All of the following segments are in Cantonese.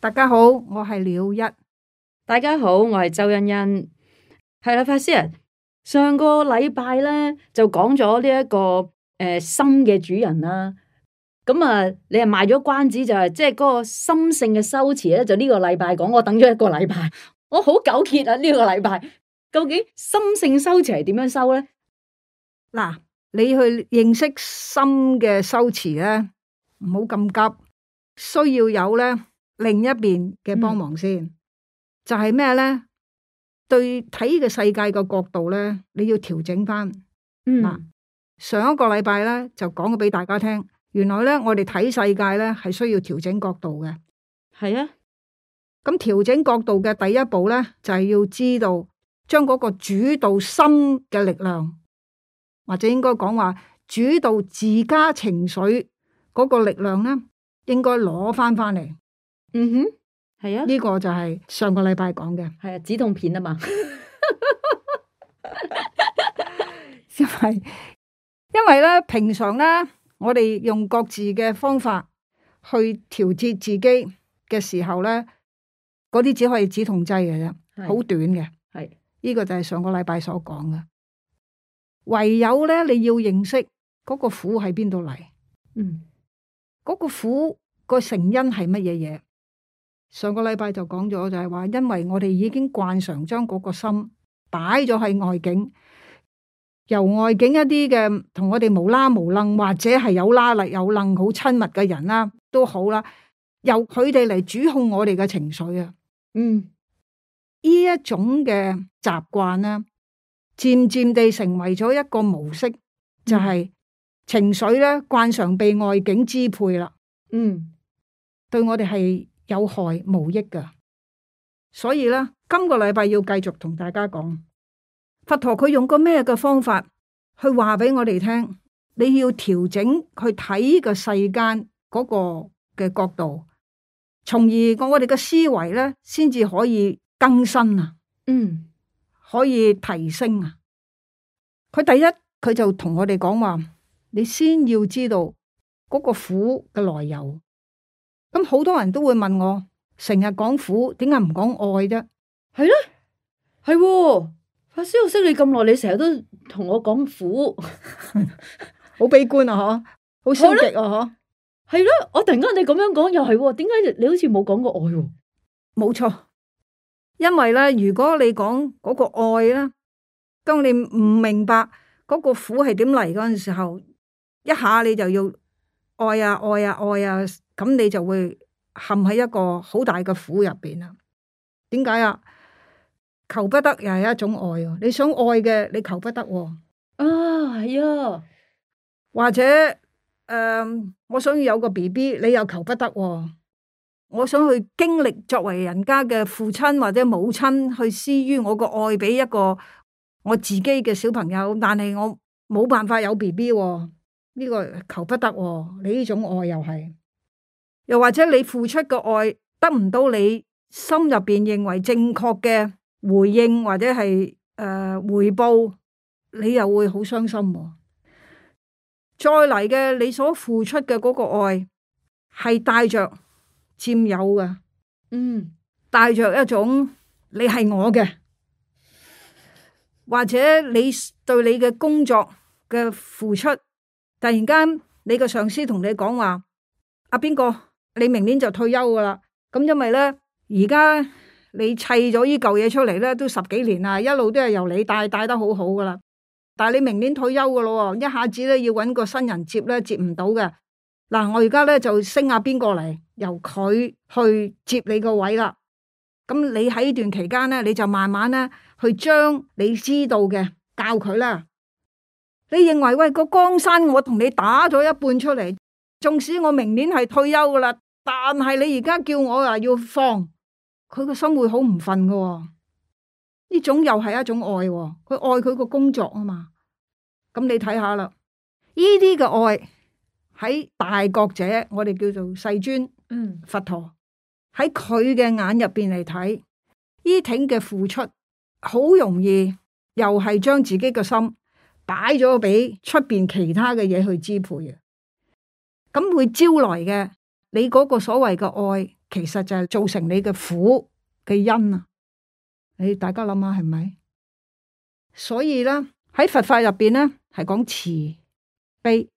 大家好，我係了一。大家好，我係周恩恩。係啦、啊，法師啊，上個禮拜咧就講咗呢一個誒、呃、心嘅主人啦、啊。咁啊，你係賣咗關子，就是，就係即係嗰個心性嘅修持咧。就呢個禮拜講，我等咗一個禮拜，我好糾結啊。呢、這個禮拜究竟心性修持係點樣修咧？嗱、啊，你去認識心嘅修持咧，唔好咁急，需要有咧。另一邊嘅幫忙先，嗯、就係咩咧？對睇呢個世界嘅角度咧，你要調整翻。嗱、嗯，上一個禮拜咧就講咗俾大家聽，原來咧我哋睇世界咧係需要調整角度嘅。係啊，咁調整角度嘅第一步咧，就係、是、要知道將嗰個主導心嘅力量，或者應該講話主導自家情緒嗰個力量咧，應該攞翻翻嚟。嗯哼，係啊，呢個就係上個禮拜講嘅，係、啊、止痛片啊嘛、 就是，因為咧，平常咧，我哋用各自嘅方法去調節自己嘅時候咧，嗰啲只可以止痛劑嘅啫，好係短嘅，係，呢個就係上個禮拜所講嘅，唯有咧，你要認識嗰個苦喺邊度嚟，嗯，嗰個苦個成因係乜嘢嘢？上個禮拜就講咗，就係話，因為我哋已經慣常將嗰個心擺咗喺外境，由外境一啲嘅同我哋無啦無楞，或者係有拉力有、有楞好親密嘅人啦，都好啦，由佢哋嚟主控我哋嘅情緒啊。嗯，呢一種嘅習慣咧，漸漸地成為咗一個模式，就係、是、情緒咧慣常被外境支配啦。嗯，對我哋係。有害無益噶，所以咧，今個禮拜要繼續同大家講，佛陀佢用個咩嘅方法去話俾我哋聽？你要調整去睇個世間嗰個嘅角度，從而我我哋嘅思維咧，先至可以更新啊，嗯，可以提升啊。佢第一，佢就同我哋講話，你先要知道嗰個苦嘅來由。咁好多人都會問我，成日講苦，點解唔講愛啫？係咯，係呀法師，我識你咁耐，你成日都同我講苦，好 悲觀啊！嗬， 好消極啊！嗬，係咯，我突然間你咁樣講，又係，點解你好似冇講過愛？冇錯錯，因為咧，如果你講嗰個愛啦，當你唔明白嗰個苦係點嚟嗰陣時候，一下你就要。愛啊愛啊愛啊！咁、啊啊、你就會陷喺一個好大嘅苦入邊啦。點解啊？求不得又係一種愛哦。你想愛嘅，你求不得、哦。啊係啊。或者誒、呃，我想要有個 BB，你又求不得、哦。我想去經歷作為人家嘅父親或者母親去施於我個愛俾一個我自己嘅小朋友，但係我冇辦法有 BB、哦。呢個求不得，哦，你呢種愛又係，又或者你付出嘅愛得唔到你心入邊認為正確嘅回應，或者係誒、呃、回報，你又會好傷心，哦。再嚟嘅，你所付出嘅嗰個愛係帶着佔有嘅，嗯，帶着一種你係我嘅，或者你對你嘅工作嘅付出。突然間，你個上司同你講話：阿邊個，你明年就退休噶啦。咁因為咧，而家你砌咗依嚿嘢出嚟咧，都十幾年啦，一路都係由你帶，帶得好好噶啦。但係你明年退休噶咯喎，一下子咧要搵個新人接咧，接唔到嘅。嗱，我而家咧就升阿邊個嚟，由佢去接你個位啦。咁你喺呢段期間咧，你就慢慢咧去將你知道嘅教佢啦。你認為喂，那個江山我同你打咗一半出嚟，縱使我明年係退休噶啦，但係你而家叫我啊要放，佢個心會好唔忿噶。呢種又係一種愛。哦，佢愛佢個工作啊嘛。咁你睇下啦，呢啲嘅愛喺大覺者，我哋叫做世尊，嗯，佛陀喺佢嘅眼入邊嚟睇呢挺嘅付出，好容易又係將自己嘅心，擺咗俾出邊其他嘅嘢，去支配啊，咁會招來嘅你嗰個所謂嘅愛，其實就係造成你嘅苦嘅因啊！誒，大家諗下係咪？所以咧，喺佛法入邊咧，係講慈悲，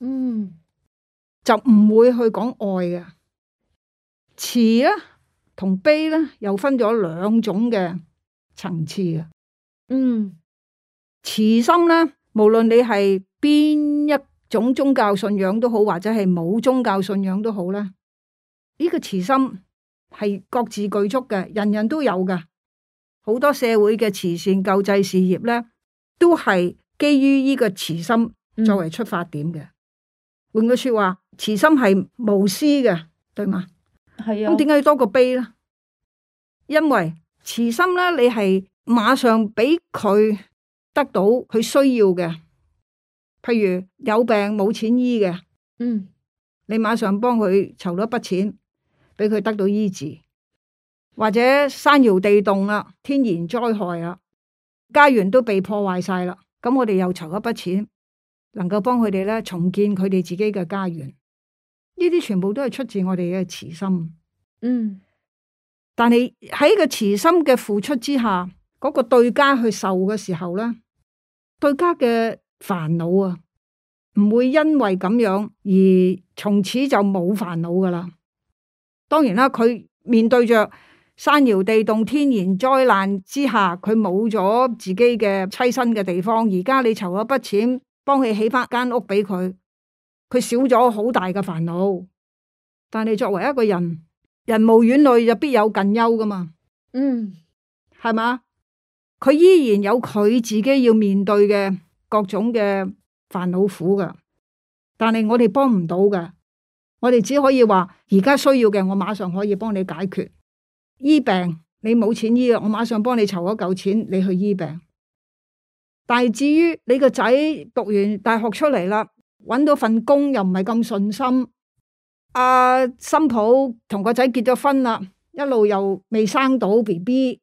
嗯，就唔會去講愛嘅。慈咧，同悲咧又分咗兩種嘅層次嘅，嗯。慈心咧，無論你係邊一種宗教信仰都好，或者係冇宗教信仰都好啦，呢、這個慈心係各自具足嘅，人人都有㗎。好多社會嘅慈善救濟事業咧，都係基於呢個慈心作為出發點嘅。換、嗯、句說話，慈心係無私嘅，對嘛？係啊有。咁點解要多個悲咧？因為慈心咧，你係馬上俾佢。得到佢需要嘅，譬如有病冇錢醫嘅，嗯，你馬上幫佢籌咗一筆錢，俾佢得到醫治，或者山搖地動啦、啊、天然災害啦、啊，家園都被破壞曬啦，咁我哋又籌一筆錢，能夠幫佢哋咧重建佢哋自己嘅家園。呢啲全部都係出自我哋嘅慈心，嗯。但係喺個慈心嘅付出之下，嗰個對家去受嘅時候咧。對家嘅煩惱啊，唔會因為咁樣而從此就冇煩惱噶啦。當然啦，佢面對着山搖地動、天然災難之下，佢冇咗自己嘅棲身嘅地方。而家你籌咗筆錢幫佢起翻間屋俾佢，佢少咗好大嘅煩惱。但係作為一個人，人無遠慮就必有近憂噶嘛。嗯，係嘛？佢依然有佢自己要面對嘅各種嘅煩惱苦噶，但係我哋幫唔到噶，我哋只可以話而家需要嘅，我馬上可以幫你解決。醫病，你冇錢醫啊，我馬上幫你籌咗嚿錢，你去醫病。但係至於你個仔讀完大學出嚟啦，搵到份工又唔係咁順心，阿新抱同個仔結咗婚啦，一路又未生到 BB。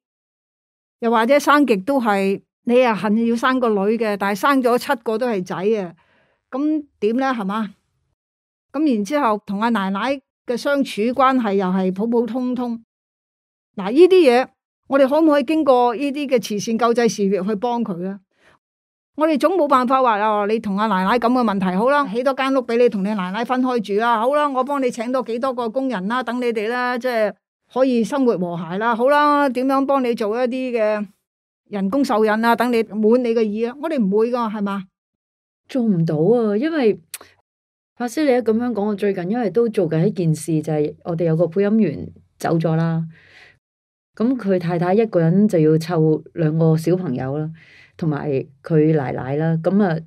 又或者生極都係你又恨要生個女嘅，但係生咗七個都係仔啊！咁點咧？係嘛？咁然之後同阿奶奶嘅相處關係又係普普通通。嗱，呢啲嘢我哋可唔可以經過呢啲嘅慈善救濟事業去幫佢咧？我哋總冇辦法話哦，你同阿奶奶咁嘅問題好啦，起多間屋俾你同你奶奶分開住啦，好啦，我幫你請多幾多個工人啦，等你哋啦，即係。可以生活和諧啦，好啦，點樣幫你做一啲嘅人工受孕啊？等你滿你嘅意啊！我哋唔會噶，係嘛？做唔到啊！因為法師你一咁樣講，我最近因為都做緊一件事，就係、是、我哋有個配音員走咗啦。咁佢太太一個人就要湊兩個小朋友啦，同埋佢奶奶啦。咁啊，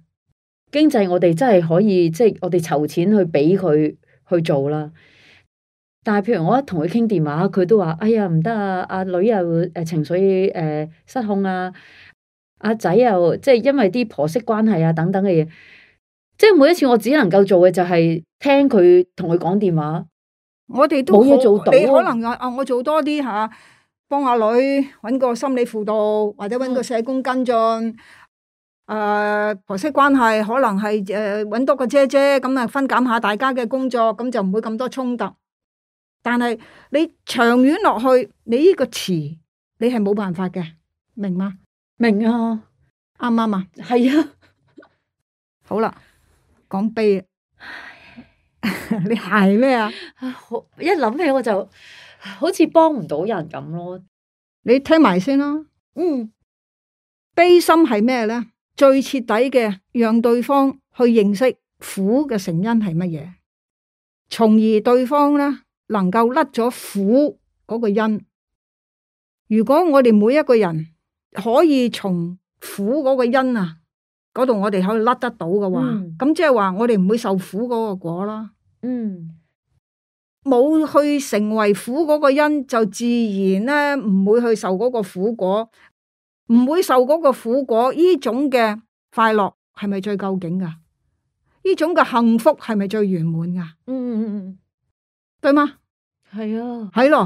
經濟我哋真係可以，即、就、係、是、我哋籌錢去俾佢去做啦。但係譬如我一同佢傾電話，佢都話：哎呀唔得啊！阿女又誒情緒誒失控啊！阿仔又即係因為啲婆媳關係啊等等嘅嘢，即係每一次我只能夠做嘅就係聽佢同佢講電話。我哋們都冇嘢做到。你可能啊我做多啲吓，幫阿女揾個心理輔導，或者揾個社工跟進。誒我、呃、婆媳關係可能係誒揾多個姐姐咁啊，分減下大家嘅工作，咁就唔會咁多衝突。但係你長遠落去，你呢個詞你係冇辦法嘅，明嗎？明啊，啱唔啱啊？係啊，好啦，講悲， 你係咩啊？一諗起我就好似幫唔到人咁咯。你聽埋先啦。嗯，悲心係咩咧？最徹底嘅，讓對方去認識苦嘅成因係乜嘢，從而對方咧。能夠甩咗苦嗰個因，如果我哋每一個人可以從苦嗰個因啊嗰度，我哋可以甩得到嘅話，咁即係話我哋唔會受苦嗰個果啦。嗯，冇去成為苦嗰個因，就自然咧唔會去受嗰個苦果，唔會受嗰個苦果。呢種嘅快樂係咪最究竟噶呢種嘅幸福係咪最圓滿噶嗯嗯嗯。係嘛？係啊，係咯。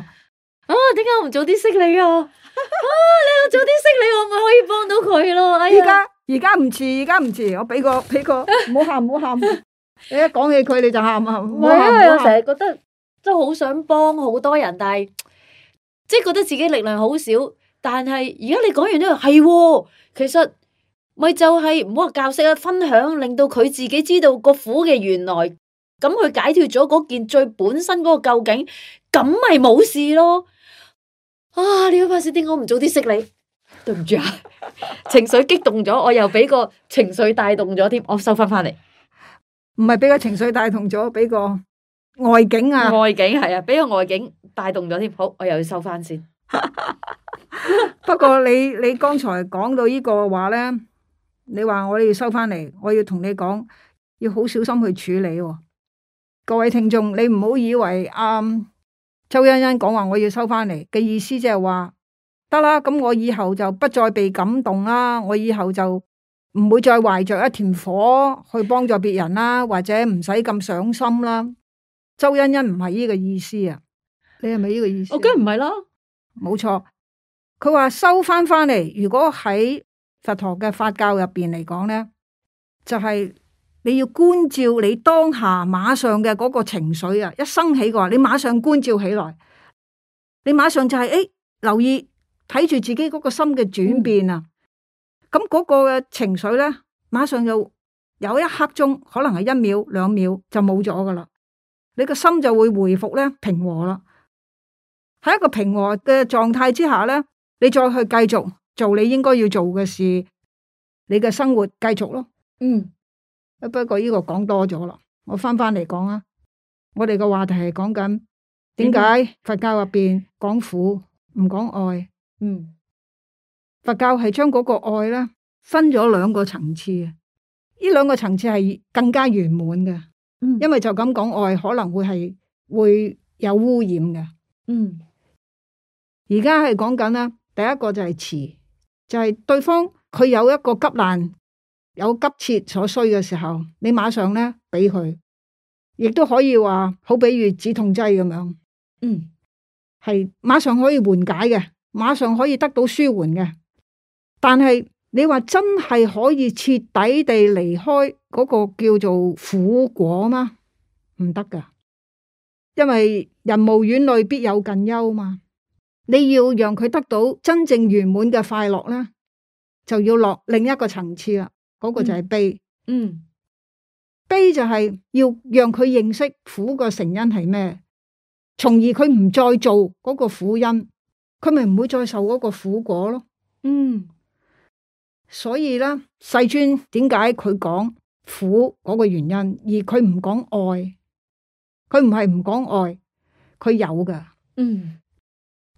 啊，點解我唔早啲識你啊？啊， 啊，你又早啲識你，我咪可以幫到佢咯。而家而家唔遲，而家唔遲，我俾個俾個，唔好喊，唔好喊。 你一講起佢，你就喊啊！我成日覺得真係好想幫好多人，但係即係覺得自己力量好少。但係而家你講完呢個，係、啊、其實咪就係唔好話教識啊，分享令到佢自己知道個苦嘅原來。咁佢解脫咗嗰件最本身嗰個究竟，咁咪冇事咯。啊，你好，法師，點解唔早啲識你？對唔住啊，情緒激動咗，我又俾個情緒帶動咗添，我收翻翻嚟。唔係俾個情緒帶動咗，俾個外境啊，外境係啊，俾個外境帶動咗添。好，我又要收翻先。不過你你剛才講到呢個話咧，你話我要收翻嚟，我要同你講，要好小心去處理喎。各位聽眾，你唔好以為阿、嗯、周欣欣講話我要收翻嚟嘅意思，即係話得啦。咁我以後就不再被感動啦，我以後就唔會再懷着一團火去幫助別人啦，或者唔使咁上心啦。周欣欣唔係呢個意思啊，你係咪呢個意思、啊？我梗唔係啦，冇錯。佢話收翻翻嚟，如果喺佛陀嘅法教入邊嚟講咧，就係、是。你要觀照你當下馬上嘅嗰個情緒啊，一生起嘅話，你馬上觀照起來，你馬上就係、是、誒，留意睇住自己嗰個心嘅轉變啊，咁嗰、嗯、個嘅情緒咧，馬上就有一刻鐘，可能係一秒兩秒就冇咗噶啦，你個心就會回復咧平和啦，喺一個平和嘅狀態之下咧，你再去繼續做你應該要做嘅事，你嘅生活繼續咯，嗯。不過呢個講多咗咯，我翻翻嚟講啊。我哋個話題係講緊點解佛教入邊講苦唔講愛？嗯，佛教係將嗰個愛咧分咗兩個層次嘅。呢兩個層次係更加圓滿嘅。嗯，因為就咁講愛可能會係會有污染嘅。嗯，而家係講緊啦，第一個就係慈，就係對方佢有一個急難。有急切所需嘅時候，你馬上咧俾佢，亦都可以話，好比如止痛劑咁樣，嗯，係馬上可以緩解嘅，馬上可以得到舒緩嘅。但係你話真係可以徹底地離開嗰個叫做苦果嗎？唔得噶，因為人無遠慮必有近憂嘛。你要讓佢得到真正圓滿嘅快樂咧，就要落另一個層次啦。嗰個就係悲，嗯，嗯，悲就係要讓佢認識苦個成因係咩，從而佢唔再做嗰個苦因，佢咪唔會再受嗰個苦果咯，嗯。所以呢，世尊點解佢講苦嗰個原因，而佢唔講愛，佢唔係唔講愛，佢有㗎，嗯，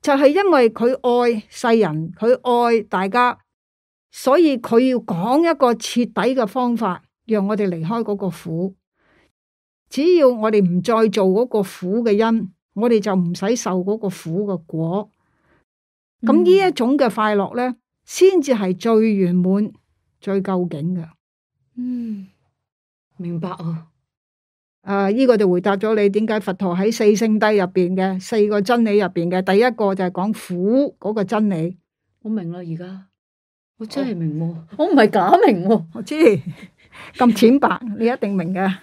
就係因為佢愛世人，佢愛大家。所以佢要講一個徹底嘅方法，讓我哋離開嗰個苦。只要我哋唔再做嗰個苦嘅因，我哋就唔使受嗰個苦嘅果。咁呢一種嘅快樂咧，先至係最圓滿、最究竟嘅。嗯，明白啊。啊，呢個就回答咗你點解佛陀喺四聖諦入邊嘅四個真理入邊嘅第一個就係講苦嗰個真理。我明啦，而家。我真係明喎、啊，我唔係假明喎、啊，我知咁淺白， 你一定明噶。